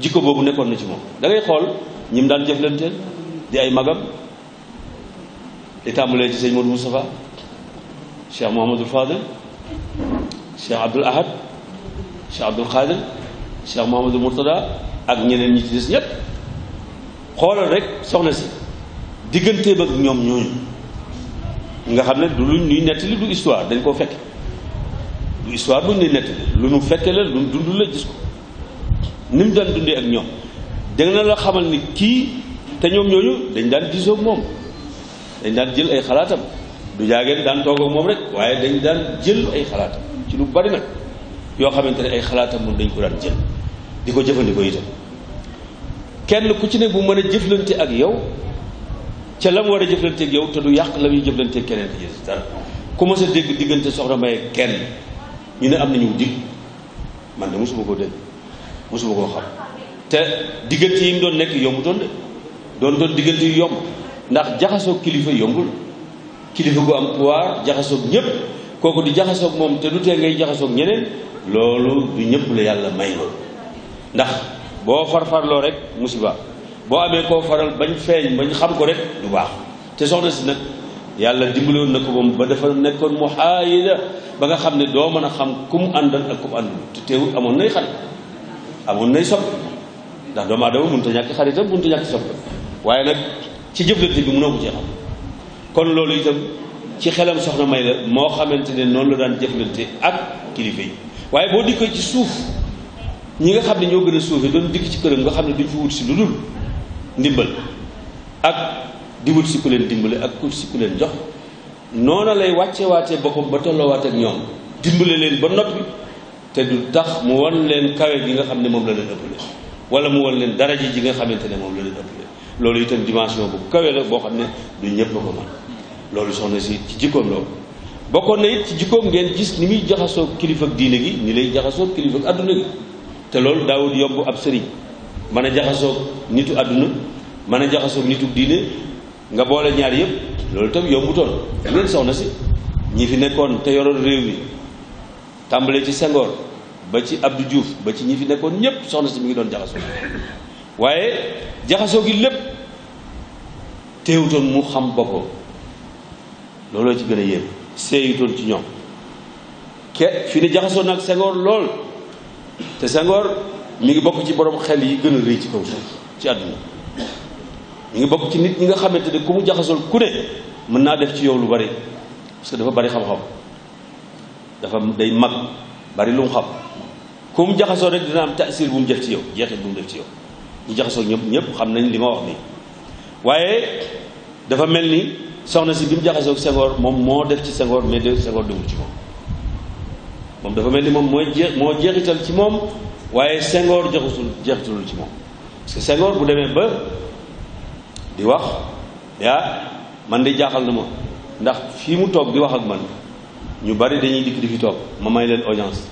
jikko boobu nekkoon na ci moom dangay xool ñi mu daan jëflanteel di ay magam di tàmbalee ci sëñ Modou Moustapha Cheikh Mouhamadou Fadel cheikh Abdoul Ahad cheikh Abdoul Khadir cheikh Mouhamadou Mourtada ak ñeneen ñi ci des ñëpp xoolal rek soxna si digganteem ak ñoom ñooñu nga xamne du luñ ñuy netti du histoire dañ ko fekk du histoire bu lay netti lu nu fekke la lu nu dund la gis ko nim mu daan dundee ak ñom da na la xamal ni ki te ñom ñooñu dañ daan gis ak mom dañ daan jël ay xalaatam du jaagne daan togo mom rek waye dañ daan jël ay xalaatam ci lu bari nag yoo xamante ne ay xalaatam moom dañ ko daan jël di ko jëfandikoo itam kenn ku ci ne bu mën a jëflante ak yow ca la mu war a jëflante ak yow te du yàq la muy jëflante keneen te jël dara ku mës a dégg diggante soxna May kenn ñu ne am nañu dig man de mosuma koo dégg mosuma koo xam te diggante yi mu doon nekk yombutoon de doon doon diggante yu yomb ndax jaxasoo kilifa yombul kilifa gu am pouvoir jaxasoo ñëpp kooku di jaxasoog moom te du tee ngay jaxasoog ñeneen loolu du ñëpp la yàlla may loolu ndax boo farfarloo rek musiba boo amee koo faral bañ feeñ bañ xam ko rek du baax te soxna si nag yàlla dimbali na ko moom ba dafa nekkoon mu xaayida ba nga xam ne doo mën a xam ku mu àndal ak ku àndul te teewul amoon nay xarit amoon nay sopp ndax doomu aadama mënut a ñàkk xaritam mënut a ñàkk sopp waaye nag ci jëflante bi mënoo ko cee xam kon loolu itam ci xelam soxna may la moo xamante ne noonu la daan jëflante ak kilifa yi waaye boo dikkee ci suuf ñi nga xam ne ñoo gën a suufee doon dikk ci këram nga xam ne duñ fi wut si lu ndimbal ak di wut si ku leen dimbale ak ku si ku leen jox noona lay wàcce waatee boppam ba tolloowaat ak ñoom dimbale leen ba du tax mu wan leen kawe gi nga xam ne moom la leen ëppale wala mu wan leen daraja ji nga xamante ne moom la leen ëppale loolu itam dimension bu kawe la boo xam ne du ñëpp ko mën loolu soxna si ci jikkoom la bokkoon na it ci jikkoom ngeen gis ni muy jaxasoo kilifa ak diine gi ni lay jaxasoo kilifa ak adduna gi te loolu daawul yomb ab sëriñ mën a jaxasoo nitu adduna mën a jaxasoo nitu diine nga boole ñaar yëpp loolu tam yombutoon loolu soxna si ñi fi nekkoon te yoroon réew mi tàmbale ci Senghor ba ci Abdou Diouf ba ci ñi fi nekkoon ñëpp soxna si mu ngi doon jaxasoo waaye jaxasoo gi lépp teewutoon mu xam boppam looloo ci gën a yéen seeyutoon ci ñoom ke fi ne jaxasoo nag Senghor lool te Senghor mu ngi bokk ci borom xel yi gën a rëy ci kaw suuf ci àdduna mu ngi bokk ci nit ñi nga xamante ne ku mu jaxasoon ku ne mën naa def ci yow lu bari parce dafa bari xam-xam dafa day mag bari lu mu xam ku mu jaxasoo rek dina am taasir bu mu def ci yow jeexit bu mu def ci yow ñu jaxasoo ñëpp ñëpp xam nañ li ma wax nii waaye dafa mel ni soxna si bi mu jaxasoog Senghor moom moo def ci Senghor mais de Senghor dewul ci moom moom dafa mel ni moom mooy jeex moo jeexital ci moom waaye sengoor joxutul jeexitalul ci moom parce que bu demee ba di wax yaa man de jaaxal na ma ndax fii mu toog bi wax ak man ñu bari dañuy dikk di fi toog ma may leen audience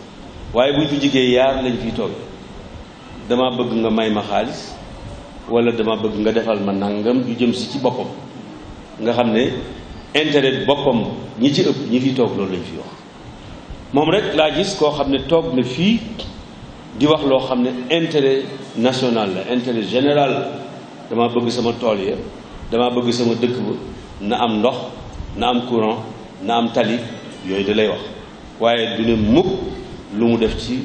waaye buñ fi jigee yaar lañ fiy toog dama bëgg nga may ma xaalis wala dama bëgg nga defal ma nangam ju jëm si ci boppam nga xam ne intérêt boppam ñi ci ëpp ñi fi toog loolu lañ fi wax moom rek laa gis koo xam ne toog na fii di wax loo xam ne intérêt national la intérêt général dama bëgg sama tool ya dama bëgg sama dëkk ba na am ndox na am courant na am tali yooyu da lay wax waaye du ne mukk lu mu def ci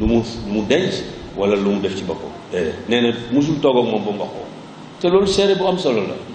lu mu lu mu denc wala lu mu def ci boppam nee na musul toog moom ba mu wax ko te loolu seere bu am solo la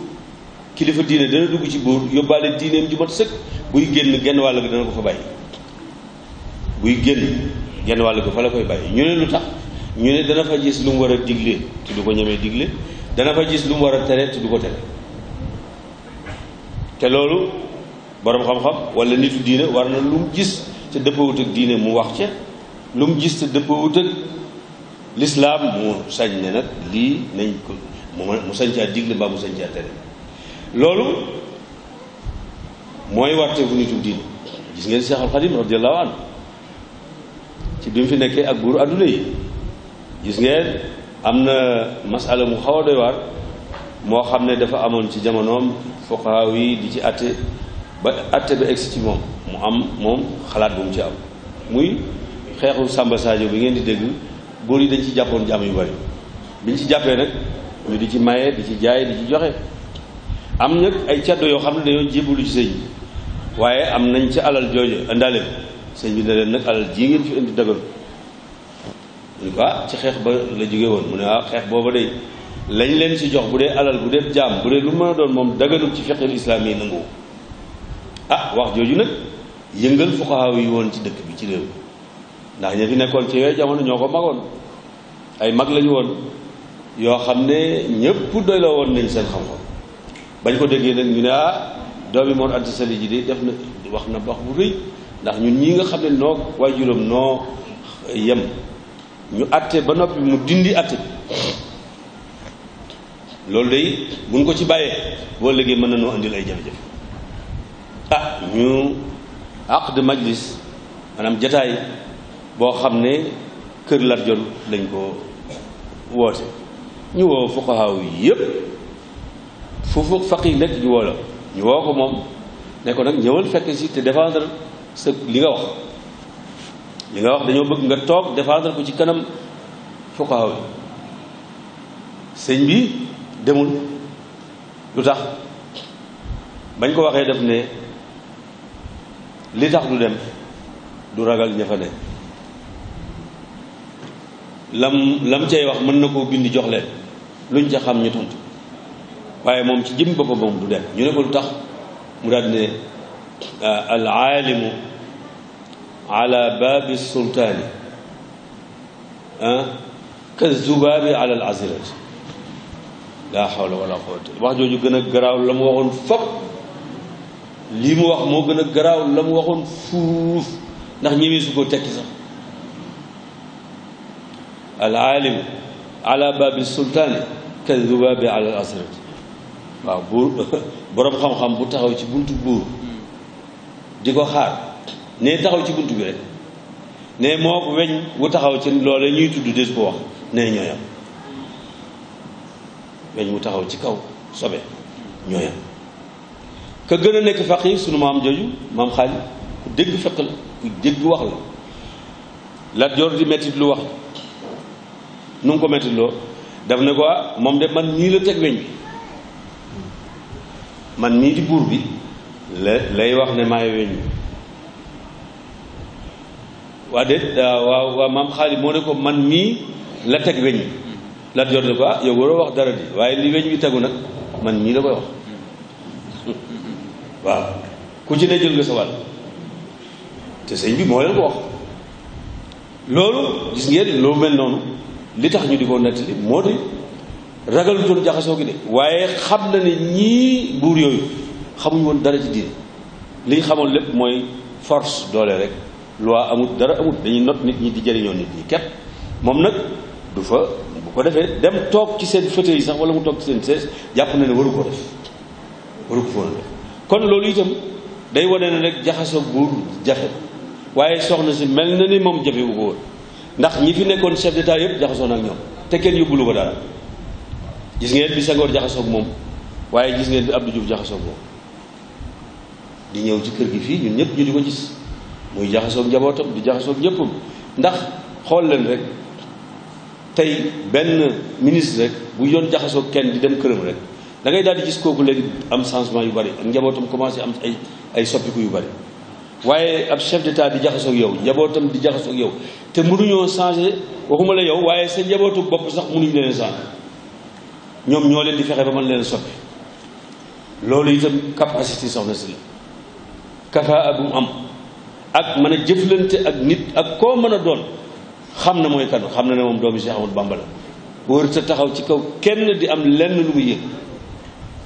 kilifa diine dana dugg ci buur yóbbaale diineem ju mat sëkk buy génn genn wàll gi dana ko fa bàyyi buy génn genn wàll gi fa la koy bàyyi ñu ne lu tax ñu ne dana fa gis lu mu war a digle te du ko ñemee digle dana fa gis lu mu war a tere te du ko tere te loolu borom xam-xam wala nitu diine war na lu mu gis te dëppawut ak diine mu wax ca lu mu gis te dëppawut ak lislaam mu sañ ne nag lii nañ ko mu sañ caa digle mbaa mu sañ caa tere loolu mooy warteeku nitub diin gis ngeen Seexul Xadim radiyallahu anhu ci bi mu fi nekkee ak buur adduna yi gis ngeen am na masala mu xaw a doy moo xam ne dafa amoon ci jamonoom foqaaw yi di ci atte ba atte ba egsi ci moom mu am moom xalaat bu mu ci am muy xeexu Samba Sadio bi ngeen di dégg boo yi dañ ci jàppoon jaam yu bari biñ ci jàppee nag ñu di ci maye di ci jaay di ci joxe am nag ay caddo yoo xam ne dañoo jébbalu ci sëñ bi waaye am nañ ci alal jooje indaale sëñ bi ne leen nag alal jii ngeen fi indi dagal mu ne ko ah ci xeex ba la jóge woon mu ne ah xeex booba de lañ leen ci jox bu dee alal bu dee jaam bu dee moom daganul ci fiqhul islaam yi nangu ah wax jooju nag yëngal fuqahaa yi woon ci dëkk bi ci réew ndax ña fi nekkoon ci yooyu jamono ñoo ko magoon ay mag lañu woon yoo xam ne ñëpp doyloo woon nañ seen xam-xam bañ ko déggee nag ñu ne ah doomi Mor Anta Sali ji de def na wax na wax bu rëy ndax ñu ñi nga xam ne noo waajuram noo yem ñu atte ba noppi mu dindi atte loolu de buñ ko ci bàyyee boo léegi mën na noo indil ay jafe-jafe ah ñu aqd majlis maanaam jataay boo xam ne kër Lat Joor lañ ko woote ñu woo fuqahaaw yépp foofu faqih nekk ñu woo la ñu woo ko moom ne ko nag ñëwal fekk si te défendre sa li nga wax li nga wax dañoo bëgg nga toog défendre ko ci kanam fuqaha yi sëñ bi demul lu tax bañ ko waxee def ne li tax du dem du ragal ña lam lam cay wax mën na koo bind jox leen luñ ca xam ñu tontu waye mom ci jëm boppam du dem ñu ne ko lu tax mu dal ne al alim ala baabi sultan ah ka zubab ala al azirati la hawla wala quwwata wax joju gëna graw lam waxon fop li mu wax mo gëna graw lam waxon fuf waxoon fuuf ndax ñëwee su ko tekki sax al alim ala baabi sultan ka zubab ala al azirati waaw buur boroom xam-xam bu taxaw ci buntu buur di ko xaar ne taxaw ci buntu bi rek ne moo ko weñ bu taxaw ci loole ñuy tudd des ko wax ne ñooyam weñ mu taxaw ci kaw sobe ñooyam ka gën a nekk faqi sunu maam jooju maam xaali ku dégg fekk la ku dégg wax la Lat Joor di mettit lu wax nun ko mettit loo daf ne ko ah, moom de man nii la teg weñ bi man mii di buur bi la lay wax ne maay weñ waa déet waaw waaw maam xaalis moo ne ko man mii la teg weñ la jot ne ah yow waroo wax dara di waaye li weñ wi tegu nag man mii la koy wax waaw ku ci ne jël nga sa te sëñ bi moo leen ko wax loolu gis ngeen loo mel noonu li tax ñu di ko nettali moo di ragalutoon jaxasoo gi de waaye xam na ni ñii buur yooyu xamuñ woon dara ci diine li ñu lepp moy force doole rek loi amut dara amut dañuy not nit ñi di jëriñoo nit ñi képp mom nak du fa bu ko defé dem tok ci seen fauteuil sax wala mu tok ci seen siège japp na ne waru ko def waru ko def kon loolu itam day wane ne rek jaxasoo bur jafe waye soxna si melna ni mom jafé wu ko ndax ñi fi nekkoon chef d'état yépp jaxasoo nak ñom te kenn yóbbulu ko dara gis ngeen bi Senghor jaxasoog moom waaye gis ngeen bi Abdou Diouf jaxasoog moom di ñëw ci kër gi fii ñun ñëpp ñu di ko gis muy jaxasoog njabootam di jaxasoog ñëppam ndax xool leen rek tey benn ministre rek bu yoon jaxasoog kenn dem rek da di gis kooku léegi am changement yu bari ak commencé am ay ay soppiku yu bari waaye ab chef d'état di jaxasoog yow njabootam di jaxasoog yow te mënuñoo changé waxuma la yow waaye sa njabootu bopp sax mënuñu leen changé ñoom ñoo leen di fexe ba man leen soppi loolu itam capacité soxna si la kafaa bu mu am ak mën a jëflante ak nit ak koo mën a doon xam na mooy kan xam na ne moom doom Cheikh Ahmadou Bamba la wër sa taxaw ci kaw kenn di am lenn lu muy yëg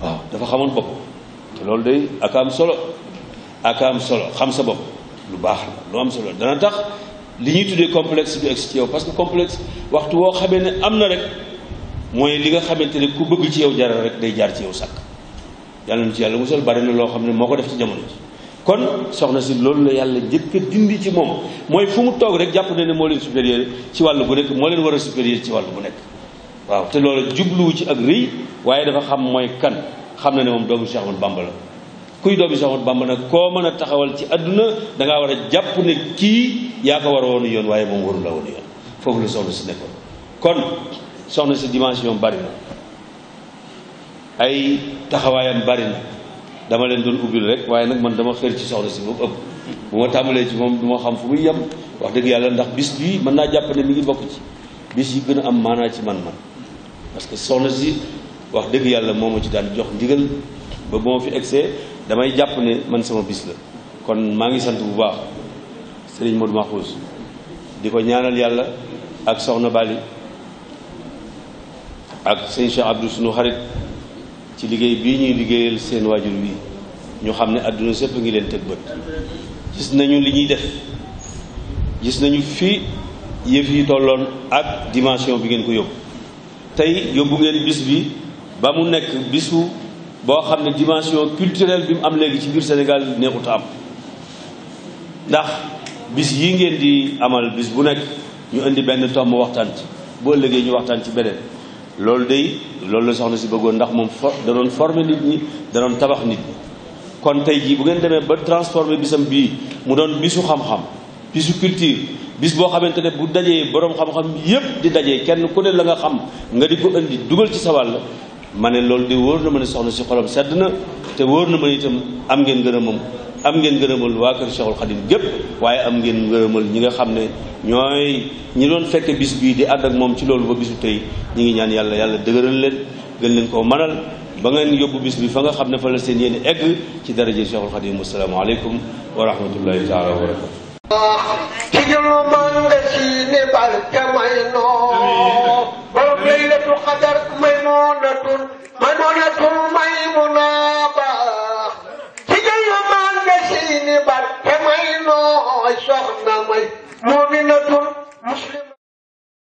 waaw dafa xamoon bopp te loolu day ak am solo ak am solo xam sa bopp lu baax la lu am solo dana tax li ñuy tuddee complexe du ex ci yow parce que complexe waxtu woo xamee ne am na rek mooy li nga xamante ne ku bëgg ci yow jaral rek day jaar ci yow sàkk yàlla na ci yàlla musal bari na loo xam ne moo ko def ci jamono kon soxna si loolu la yàlla njëkk a dindi ci moom mooy fu mu toog rek jàpp na ne moo leen supérieur ci wàll bu nekk moo leen war a supérieur ci wàll bu nekk waaw te loolu jubluwu ci ak rëy waaye dafa xam mooy kan xam na ne moom doomu Cheikh Ahmadou Bamba la kuy doomu Cheikh Ahmadou Bamba nag koo mën a taxawal ci àdduna da war a jàpp ne kii yaa ko war a woon yoon waaye moom warul la woon yoon foofu la soxna soxna si dimension bari na ay taxawaayam bari na dama leen doon ubbil rek waaye nag man dama xër ci soxna si moom ëpp bu ma tàmbalee ci moom du ma xam fu muy yem wax dëgg yàlla ndax bis bi mën naa jàpp ne mi ngi bokk ci bis yi gën a am maanaa ci man man parce que soxna si wax dëgg yàlla moo ci daan jox ndigal ba bu ma fi egsee damay jàpp ne man sama bis la kon maa ngi sant bu baax sëriñ Modou Mahfouz di ko ñaanal yàlla ak soxna Bali ak sëñ Cheikh Abdou sunu xarit ci liggéey bii ñuy liggéeyal seen waajur wi ñu xam ne àdduna sépp a ngi leen teg bët gis nañu li ñuy def gis nañu fii yëf yi tolloon ak dimension bi ngeen ko yóbbu tey yóbbu ngeen bis bi ba mu nekk bisu boo xam ne dimension culturelle bi mu am léegi ci biir Sénégal neexut am ndax bis yi ngeen di amal bis bu nekk ñu indi benn tomb waxtaan ci bu ëllëgee ñu waxtaan ci beneen loolu de loolu la soxna si bëggoon ndax moom fo danoon doon nit ñi danoon tabax nit ñi kon tey jii bu ngeen demee ba transformer bisam bii mu doon bisu xam-xam bisu culture bis boo xamante ne bu dajee boroom xam-xam yépp di dajee kenn ku ne la nga xam nga di ko indi dugal ci sa wàll ma ne loolu de wóor na ma ne soxna si xolam sedd na te wóor na ma itam am ngeen gën a moom am ngeen ngërëmal waa kër Cheikhul Khadim gépp waaye am ngeen ngërëmal ñi nga xam ne ñooy ñu doon fekk bis bii di ànd ak moom ci loolu ba bisu tey ñu ngi ñaan yàlla yàlla dëgëral leen gën leen koo manal ba ngeen yóbbu bis bi fa nga xam ne fa la seen yéen egg ci daraje Cheikhul Khadim asalaamaaleykum wa rahmatullahi taala wa barakatu ci jëlu manga si ne may noo borom may noonatun may اللهم مؤمنة مسلمة